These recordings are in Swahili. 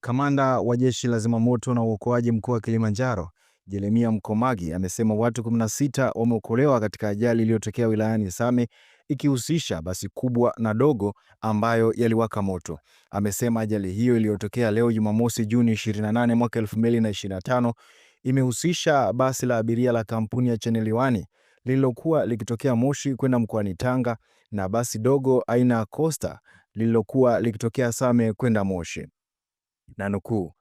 Kamanda wa Jeshi la Zimamoto na Uokoaji Mkoa wa Kilimanjaro, Jeremia Mkomagi, amesema watu 16 wameokolewa katika ajali iliyotokea wilayani Same ikihusisha basi kubwa na dogo ambayo yaliwaka moto. Amesema ajali hiyo iliyotokea leo Jumamosi Juni 28 mwaka 2025 imehusisha basi la abiria la kampuni ya Channel One lililokuwa likitokea Moshi kwenda mkoani Tanga na basi dogo aina ya Coaster lililokuwa likitokea Same kwenda Moshi. Na nukuu,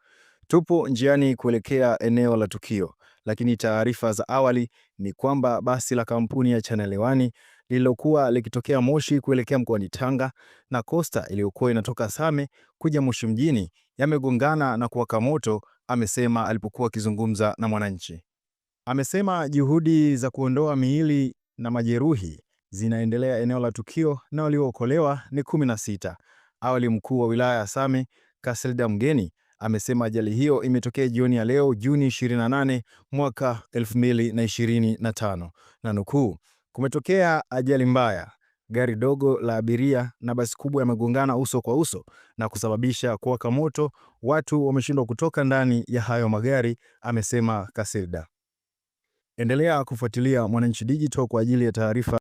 tupo njiani kuelekea eneo la tukio, lakini taarifa za awali ni kwamba basi la kampuni ya Channel One lililokuwa likitokea Moshi kuelekea mkoani Tanga na kosta iliyokuwa inatoka Same kuja Moshi mjini yamegongana na kuwaka moto, amesema alipokuwa akizungumza na Mwananchi. Amesema juhudi za kuondoa miili na majeruhi zinaendelea eneo la tukio na waliookolewa ni kumi na sita. Awali mkuu wa wilaya ya Same Kasilda Mgeni amesema ajali hiyo imetokea jioni ya leo Juni 28 mwaka 2025 na nukuu, Kumetokea ajali mbaya, gari dogo la abiria na basi kubwa yamegongana uso kwa uso na kusababisha kuwaka moto. Watu wameshindwa kutoka ndani ya hayo magari, amesema Kasilda. Endelea kufuatilia Mwananchi Digital kwa ajili ya taarifa